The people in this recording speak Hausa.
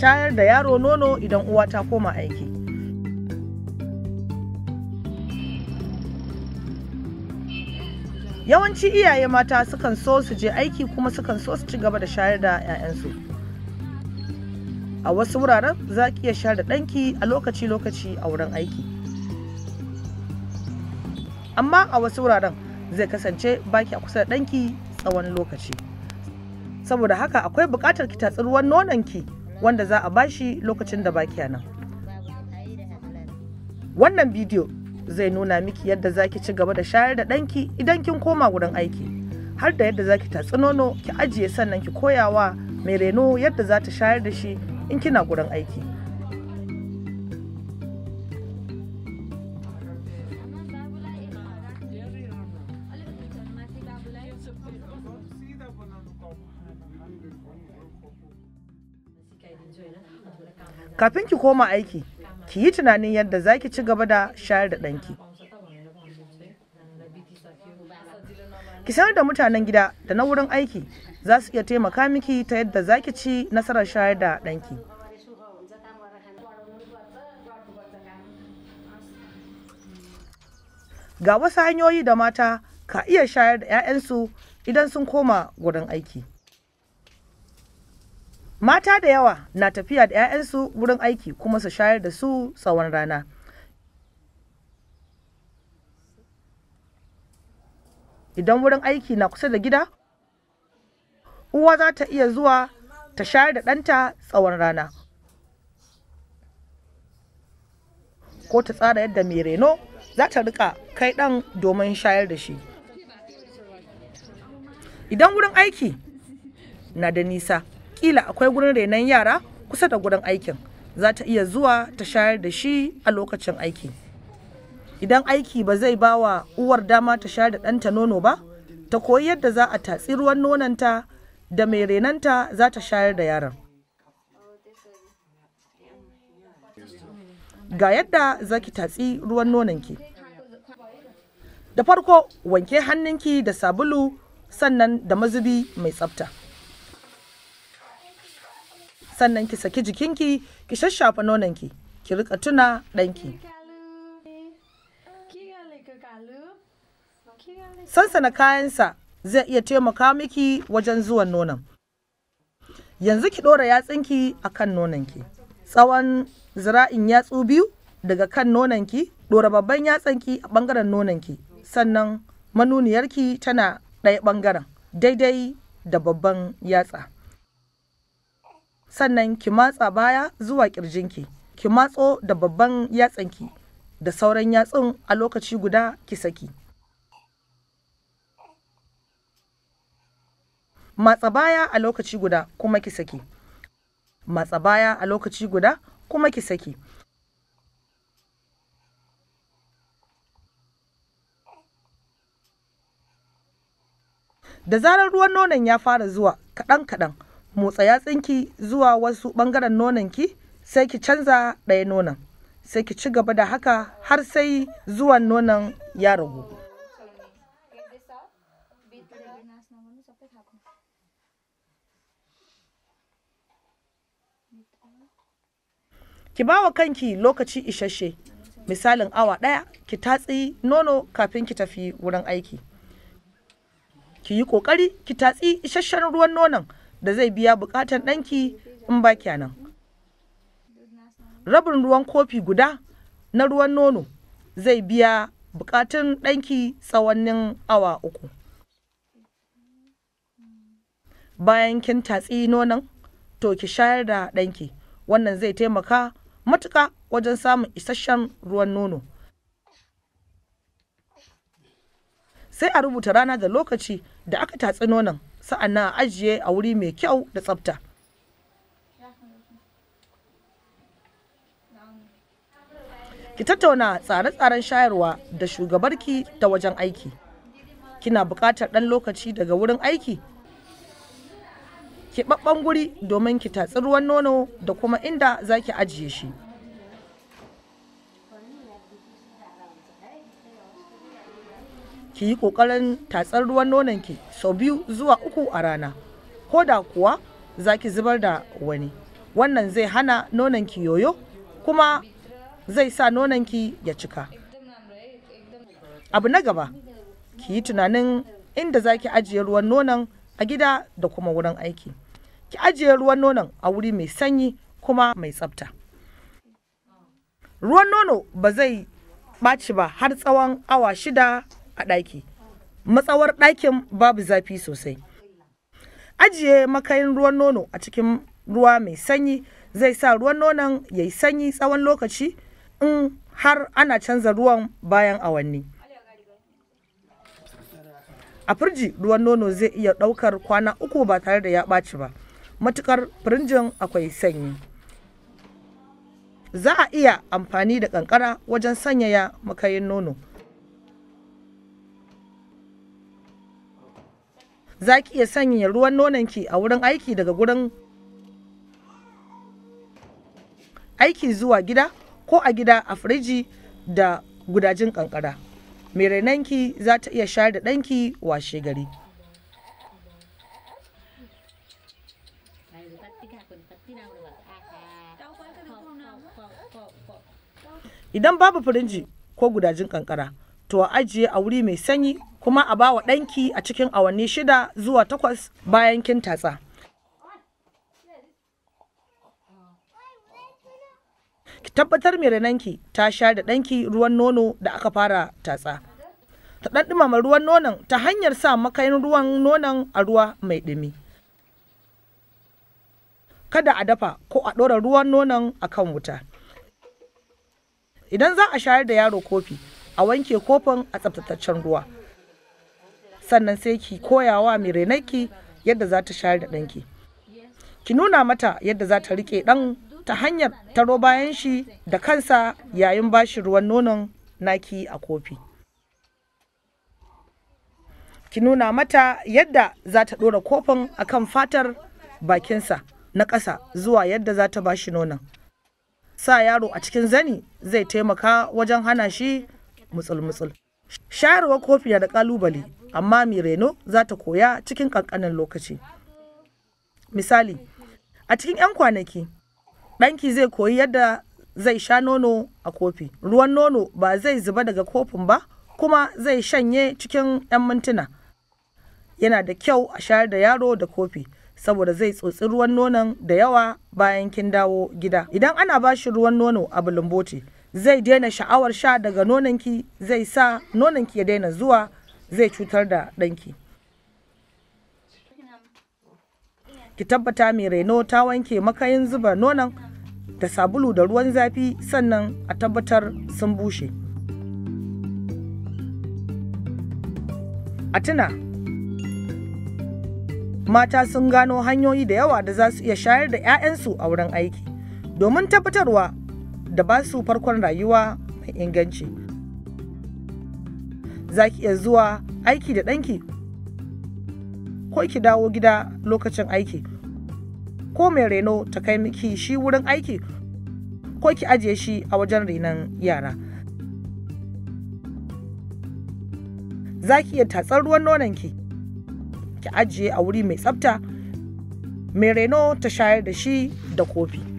shayar da yaro nono idan uwa ta koma aiki yawanci iyaye mata sukan so su je aiki kuma sukan so su ci gaba da shayar da 'ya'yansu a wasu wuraren za ki iya shayar da ɗanki a lokaci-lokaci a wurin aiki amma a wasu wuraren zai kasance baki a kusa da ɗanki tsawon lokaci saboda haka akwai bukatar ki tatsi ruwan nononki wanda za a bashi lokacin da baki nan wannan bidiyo zai nuna miki yadda za ki ci gaba da shayar da ɗanki idan kin koma wurin aiki har da yadda za ki tatsi nono ki ajiye sannan ki koyawa mai reno yadda za ta shayar da shi in kina gurin aiki kafin ki koma aiki ki yi tunanin yadda za ki ci gaba da shayar da ɗanki ki sanar da mutanen gida da na wurin aiki za su iya taimaka miki ta yadda za ki ci nasarar shayar da ɗanki ga wasu hanyoyi da mata ka iya shayar da 'ya'yansu idan sun koma wurin aiki mata da yawa na tafiya da 'ya'yansu wurin aiki kuma su shayar da su tsawon rana idan wurin aiki na kusa da gida uwa za ta iya zuwa ta shayar da ɗanta tsawon rana ko ta tsara yadda mai reno za ta rika kai ɗan domin shayar da shi idan wurin aiki na da nisa kila akwai gurin renon yara kusa da gurin aikin za ta iya zuwa ta shayar da shi a lokacin aiki idan aiki ba zai ba wa uwar dama ta shayar da ɗanta nono ba ta koyi yadda za a tatsi ruwan nononta da mai renonta za ta shayar da yaran ga yadda za ki tatsi ruwan nononki da farko wanke hannunki da sabulu sannan da mazubi mai tsafta sannan ki saki jikinki ki shashafa nononki ki rika tuna ɗanki sansana kayansa zai iya taimaka miki wajen zuwan nonon yanzu ki ɗora yatsinki a kan nononki tsawon zira'in yatsu biyu daga kan nononki ɗora babban yatsanki a ɓangaren nononki sannan manuniyarki tana ɗaya ɓangaren daidai da babban yatsa sannan ki matsa baya zuwa kirjinki ki matso da babban yatsanki da sauran yatsun a lokaci guda ki saki matsa baya a lokaci guda kuma ki saki matsa baya a lokaci guda kuma ki saki da zarar ruwan nonon ya fara zuwa kaɗan-kaɗan motsa yatsinki zuwa wasu ɓangaren nonanki sai ki canza ɗaya nonon sai ki ci gaba da haka har sai zuwan nonon ya ragu. ki ba wa kanki lokaci isasshe misalin awa ɗaya ki tatsi nono kafin ki tafi wurin aiki ki yi ƙoƙari ki tatsi isasshen ruwan nonon da zai biya buƙatar ɗanki in ba kyanan. Rabin ruwan kofi guda na ruwan nono zai biya bukatun ɗanki tsawannin awa uku. Bayan kin tatsi nonon, to ki shayar da ɗanki. Wannan zai taimaka matuka wajen samun isasshen ruwan nono. Sai a rubuta rana da lokaci da aka tatsi nonon. sa'annan a ajiye a wuri mai kyau da tsafta ki tattauna tsare-tsaren shayarwa da shugabarki ta wajen aiki kina buƙatar ɗan lokaci daga wurin aiki ki ɓaɓɓen guri domin ki tatsi ruwan nono da kuma inda za ki ajiye shi ki yi ƙoƙarin tatsar ruwan nononki sau biyu zuwa uku a rana ko da kuwa za ki zubar da wani wannan zai hana nononki yoyo kuma zai sa nononki ya cika abu na gaba ki yi tunanin inda za ki ajiye ruwan nonon a gida da kuma wurin aiki ki ajiye ruwan nonon a wuri mai sanyi kuma mai tsafta ruwan nono ba zai ɓaci ba har tsawon awa shida a ɗaki matsawar ɗakin babu zafi sosai ajiye makayin ruwan nono a cikin ruwa mai sanyi zai sa ruwan nonon ya yi sanyi tsawon lokaci in har ana canza ruwan bayan awanni a firji ruwan nono zai iya ɗaukar kwana uku ba tare da ya ɓaci ba matukar firinjin akwai sanyi za a iya amfani da kankara wajen sanyaya makayin nono za ki iya sanya ruwan nononki a wurin aiki daga gurin aiki zuwa gida ko a gida a firiji da gudajin kankara mai rainanki za ta iya shayar da ɗanki washe gari idan babu firinji ko gudajin kankara to a ajiye a wuri mai sanyi kuma a bawa ɗanki a cikin awanni shida zuwa takwas bayan kin tatsa. Ki tabbatar mai renanki ta sha da ɗanki ruwan nono da aka fara tatsa. Ta ɗan ɗumama ruwan nonon ta hanyar sa makayin ruwan nonon a ruwa mai ɗumi. Kada a dafa ko a ɗora ruwan nonon a kan wuta. Idan za a shayar da yaro kofi, a wanke kofin a tsaftataccen ruwa sannan sai ki koyawa mai renaki yadda za ta share da ɗanki ki nuna mata yadda za ta riƙe ɗan ta hanyar taro bayan shi da kansa yayin bashi ruwan nonon naki a kofi ki nuna mata yadda za ta ɗora kofin a kan fatar bakinsa na ƙasa zuwa yadda za ta bashi nonon sa yaro a cikin zani zai taimaka wajen hana shi mutsul-mutsul Sharuwa kofi na da kalubale amma mireno reno za ta koya cikin kankanin lokaci misali a cikin 'yan kwanaki ɗanki zai koyi yadda zai sha nono a kofi ruwan nono ba zai zuba daga kofin ba kuma zai shanye cikin 'yan mintuna yana da kyau a shayar da yaro da kofi saboda zai tsotsi ruwan nonon da yawa bayan kin dawo gida idan ana ba ruwan nono a bulumboti zai daina sha'awar sha daga nonanki zai sa nonanki ya daina zuwa zai cutar da ɗanki ki tabbata mai reno ta wanke makayin zuba nonon da sabulu da ruwan zafi sannan a tabbatar sun bushe a tuna mata sun gano hanyoyi da yawa da za su iya shayar da 'ya'yansu a wurin aiki domin tabbatarwa da ba su farkon rayuwa mai inganci za ki iya zuwa aiki da ɗanki ko ki dawo gida lokacin aiki ko mai reno ta kai miki shi wurin aiki ko ki ajiye shi a wajen renon yara za ki iya tatsar ruwan nononki ki ajiye a wuri mai tsafta mai reno ta shayar da shi da kofi